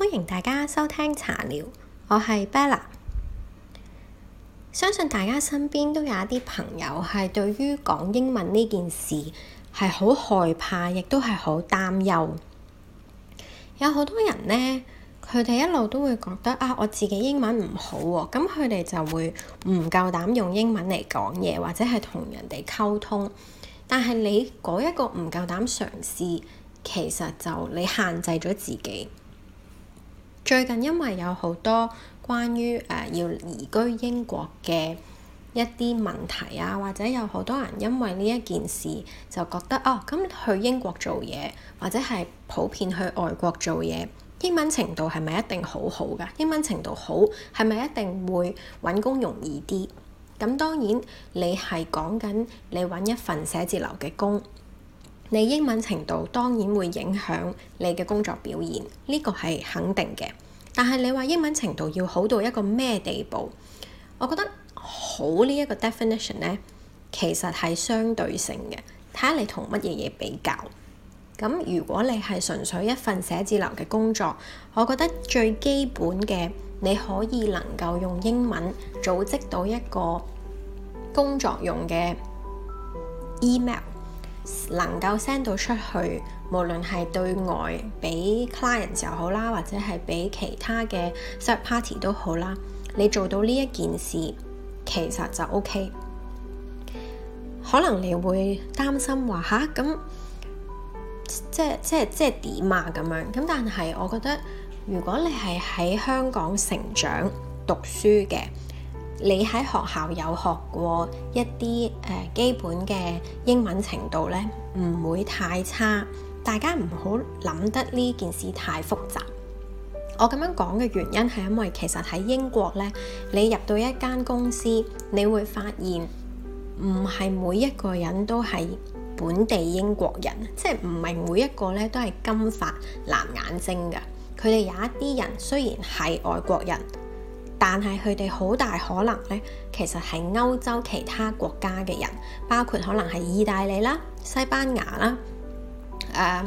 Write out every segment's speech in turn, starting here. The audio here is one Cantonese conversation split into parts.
歡迎大家收聽茶聊，我係 Bella。相信大家身邊都有一啲朋友係對於講英文呢件事係好害怕，亦都係好擔憂。有好多人咧，佢哋一路都會覺得啊，我自己英文唔好喎，咁佢哋就會唔夠膽用英文嚟講嘢，或者係同人哋溝通。但係你嗰一個唔夠膽嘗試，其實就你限制咗自己。最近因為有好多關於誒要移居英國嘅一啲問題啊，或者有好多人因為呢一件事就覺得哦，咁去英國做嘢或者係普遍去外國做嘢，英文程度係咪一定好好㗎？英文程度好係咪一定會揾工容易啲？咁當然你係講緊你揾一份寫字樓嘅工。你英文程度當然會影響你嘅工作表現，呢個係肯定嘅。但係你話英文程度要好到一個咩地步？我覺得好呢一個 definition 呢，其實係相對性嘅，睇下你同乜嘢嘢比較。咁如果你係純粹一份寫字樓嘅工作，我覺得最基本嘅你可以能夠用英文組織到一個工作用嘅 email。能夠 send 到出去，無論係對外俾 clients 又好啦，或者係俾其他嘅 third party 都好啦，你做到呢一件事，其實就 OK。可能你會擔心話吓咁，即係即係即係點啊咁樣咁，但係我覺得如果你係喺香港成長讀書嘅。你喺學校有學過一啲誒、呃、基本嘅英文程度咧，唔會太差。大家唔好諗得呢件事太複雜。我咁樣講嘅原因係因為其實喺英國咧，你入到一間公司，你會發現唔係每一個人都係本地英國人，即係唔係每一個咧都係金髮藍眼睛嘅。佢哋有一啲人雖然係外國人。但係佢哋好大可能咧，其實係歐洲其他國家嘅人，包括可能係意大利啦、西班牙啦，誒、呃、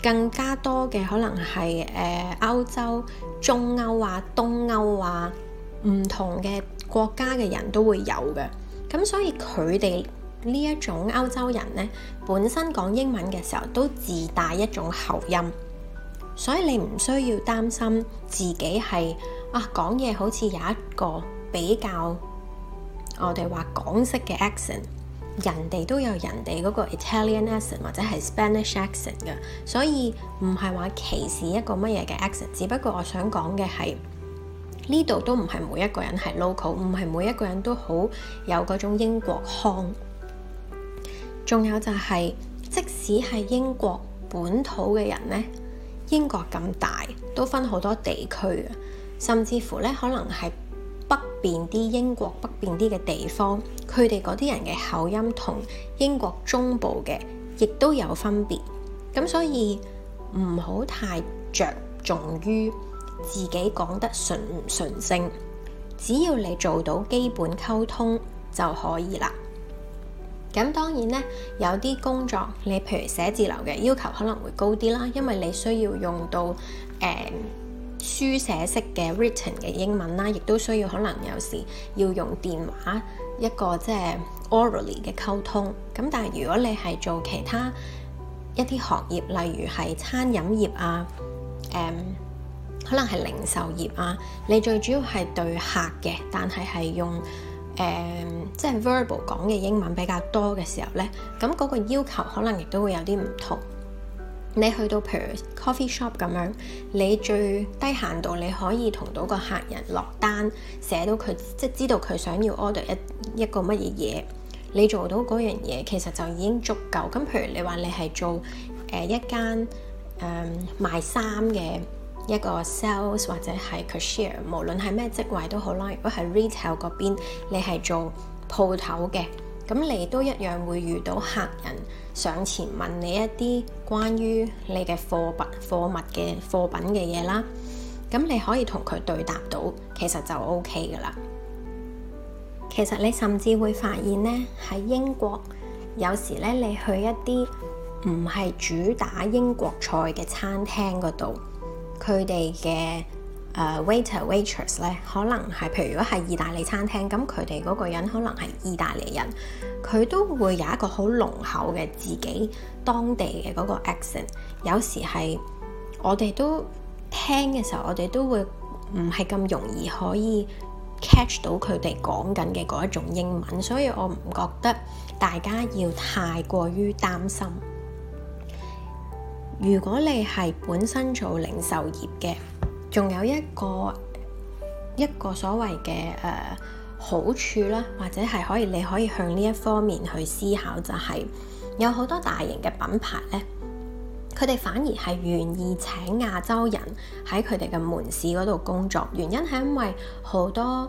更加多嘅可能係誒、呃、歐洲中歐啊、東歐啊唔同嘅國家嘅人都會有嘅。咁所以佢哋呢一種歐洲人呢，本身講英文嘅時候都自帶一種口音，所以你唔需要擔心自己係。啊，講嘢好似有一個比較，我哋話港式嘅 accent，人哋都有人哋嗰個 Italian accent 或者係 Spanish accent 㗎，所以唔係話歧視一個乜嘢嘅 accent。只不過我想講嘅係呢度都唔係每，每一個人都係 local，唔係每一個人都好有嗰種英國腔。仲有就係，即使係英國本土嘅人呢，英國咁大都分好多地區啊。甚至乎咧，可能係北邊啲英國北邊啲嘅地方，佢哋嗰啲人嘅口音同英國中部嘅，亦都有分別。咁所以唔好太着重於自己講得純唔純正，只要你做到基本溝通就可以啦。咁當然咧，有啲工作你譬如寫字樓嘅要求可能會高啲啦，因為你需要用到誒。嗯書寫式嘅 written 嘅英文啦、啊，亦都需要可能有時要用電話一個即係、就是、orally 嘅溝通。咁但係如果你係做其他一啲行業，例如係餐飲業啊，誒、嗯，可能係零售業啊，你最主要係對客嘅，但係係用誒即、嗯、係、就是、verbal 講嘅英文比較多嘅時候呢，咁嗰個要求可能亦都會有啲唔同。你去到譬如 coffee shop 咁樣，你最低限度你可以同到個客人落單，寫到佢即係知道佢想要 order 一一個乜嘢嘢，你做到嗰樣嘢其實就已經足夠。咁譬如你話你係做誒、呃、一間誒、嗯、賣衫嘅一個 sales 或者係 cashier，無論係咩職位都好啦。如果係 retail 嗰邊，你係做鋪頭嘅。咁你都一樣會遇到客人上前問你一啲關於你嘅貨，貨，貨品貨物嘅貨品嘅嘢啦。咁你可以同佢對答到，其實就 O K 㗎啦。其實你甚至會發現咧，喺英國有時咧，你去一啲唔係主打英國菜嘅餐廳嗰度，佢哋嘅。誒 waiter waitress 咧，uh, Wait er, Wait ress，可能係譬如如果係意大利餐廳，咁佢哋嗰個人可能係意大利人，佢都會有一個好濃厚嘅自己當地嘅嗰個 accent。有時係我哋都聽嘅時候，我哋都會唔係咁容易可以 catch 到佢哋講緊嘅嗰一種英文，所以我唔覺得大家要太過於擔心。如果你係本身做零售業嘅。仲有一個一個所謂嘅誒、呃、好處啦，或者係可以你可以向呢一方面去思考，就係、是、有好多大型嘅品牌咧，佢哋反而係願意請亞洲人喺佢哋嘅門市嗰度工作。原因係因為好多誒、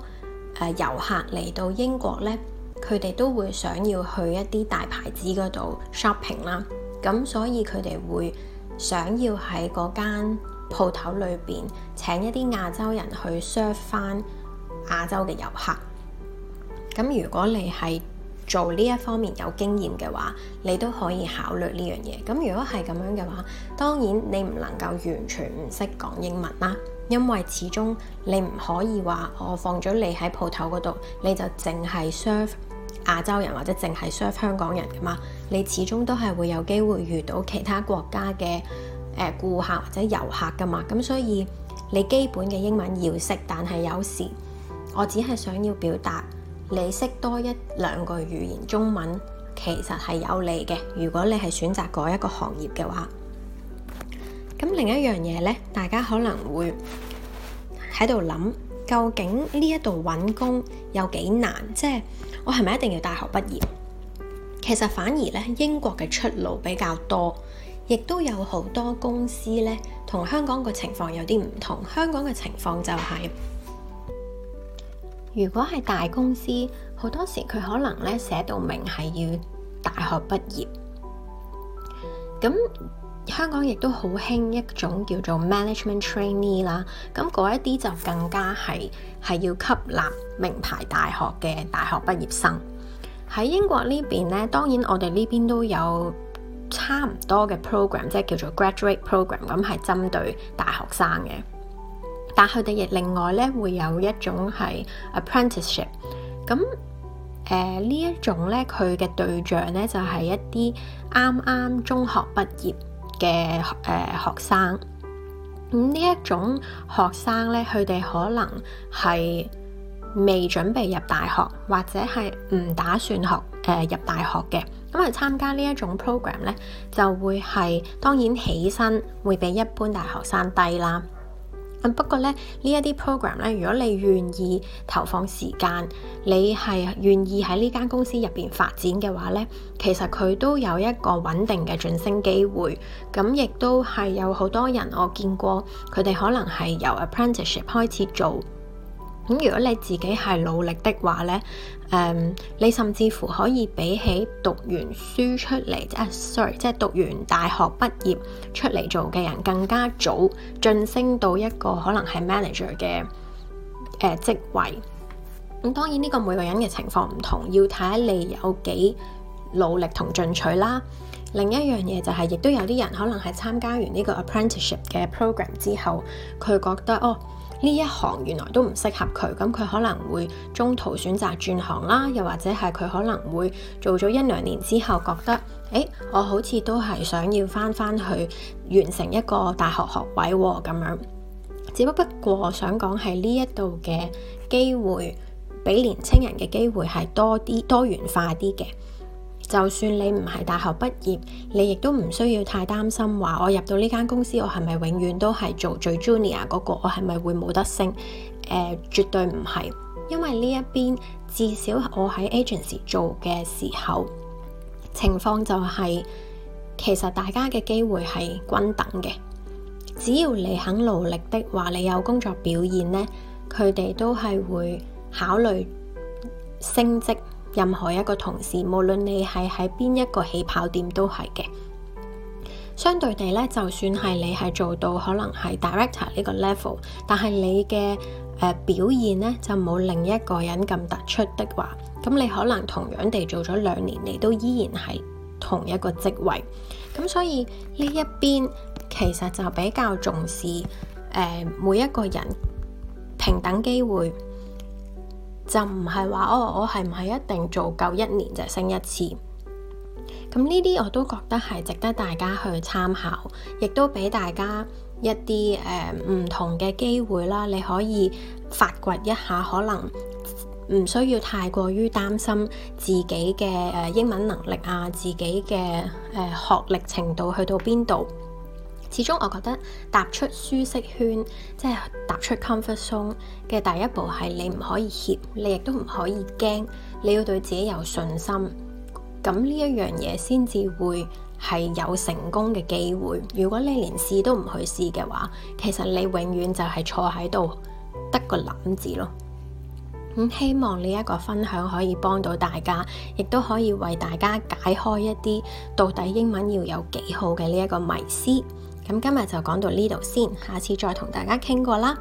呃、遊客嚟到英國咧，佢哋都會想要去一啲大牌子嗰度 shopping 啦，咁所以佢哋會想要喺嗰間。鋪頭裏邊請一啲亞洲人去 serve 返亞洲嘅遊客。咁如果你係做呢一方面有經驗嘅話，你都可以考慮呢樣嘢。咁如果係咁樣嘅話，當然你唔能夠完全唔識講英文啦，因為始終你唔可以話我放咗你喺鋪頭嗰度，你就淨係 serve 亞洲人或者淨係 serve 香港人㗎嘛。你始終都係會有機會遇到其他國家嘅。誒顧客或者遊客㗎嘛，咁所以你基本嘅英文要識，但係有時我只係想要表達，你識多一兩個語言，中文其實係有利嘅。如果你係選擇嗰一個行業嘅話，咁另一樣嘢呢，大家可能會喺度諗，究竟呢一度揾工有幾難？即係我係咪一定要大學畢業？其實反而呢，英國嘅出路比較多。亦都有好多公司呢，同香港嘅情況有啲唔同。香港嘅情況就係，如果係大公司，好多時佢可能呢寫到明係要大學畢業。咁香港亦都好興一種叫做 management trainee 啦。咁嗰一啲就更加係係要吸納名牌大學嘅大學畢業生。喺英國呢邊呢，當然我哋呢邊都有。差唔多嘅 program，me, 即係叫做 graduate program，咁係針對大學生嘅。但佢哋亦另外咧，會有一種係 apprenticeship。咁誒呢一種咧，佢嘅對象咧就係、是、一啲啱啱中學畢業嘅誒學、呃、學生。咁、嗯、呢一種學生咧，佢哋可能係未準備入大學，或者係唔打算學誒、呃、入大學嘅。咁嚟參加呢一種 program 咧，就會係當然起薪會比一般大學生低啦。咁不過咧，呢一啲 program 咧，如果你願意投放時間，你係願意喺呢間公司入邊發展嘅話咧，其實佢都有一個穩定嘅晉升機會。咁亦都係有好多人我見過，佢哋可能係由 apprenticeship 開始做。咁如果你自己係努力的話咧，誒、嗯，你甚至乎可以比起讀完書出嚟，即、啊、sorry，即係讀完大學畢業出嚟做嘅人，更加早晉升到一個可能係 manager 嘅誒職、呃、位。咁、嗯、當然呢個每個人嘅情況唔同，要睇下你有幾努力同進取啦。另一樣嘢就係、是，亦都有啲人可能係參加完呢個 apprenticeship 嘅 program 之後，佢覺得哦。呢一行原來都唔適合佢，咁佢可能會中途選擇轉行啦，又或者係佢可能會做咗一兩年之後覺得，誒，我好似都係想要翻翻去完成一個大學學位喎、哦，咁樣。只不不過我想講係呢一度嘅機會，俾年青人嘅機會係多啲多元化啲嘅。就算你唔係大學畢業，你亦都唔需要太擔心。話我入到呢間公司，我係咪永遠都係做最 junior 嗰個？我係咪會冇得升？誒，絕對唔係。因為呢一邊至少我喺 agency 做嘅時候，情況就係其實大家嘅機會係均等嘅。只要你肯努力的話，你有工作表現咧，佢哋都係會考慮升職。任何一個同事，無論你係喺邊一個起跑點都係嘅。相對地咧，就算係你係做到可能係 director 呢個 level，但係你嘅誒、呃、表現咧就冇另一個人咁突出嘅話，咁你可能同樣地做咗兩年，你都依然係同一個職位。咁所以呢一邊其實就比較重視誒、呃、每一個人平等機會。就唔係話哦，我係唔係一定做夠一年就升一次？咁呢啲我都覺得係值得大家去參考，亦都俾大家一啲誒、唔同嘅機會啦。你可以發掘一下，可能唔需要太過於擔心自己嘅誒、呃、英文能力啊，自己嘅誒、呃、學歷程度去到邊度。始終，我覺得踏出舒適圈，即係踏出 comfort zone 嘅第一步，係你唔可以怯，你亦都唔可以驚，你要對自己有信心。咁呢一樣嘢先至會係有成功嘅機會。如果你連試都唔去試嘅話，其實你永遠就係坐喺度得個諗字咯。咁、嗯、希望呢一個分享可以幫到大家，亦都可以為大家解開一啲到底英文要有幾好嘅呢一個迷思。咁今日就講到呢度先，下次再同大家傾過啦，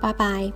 拜拜。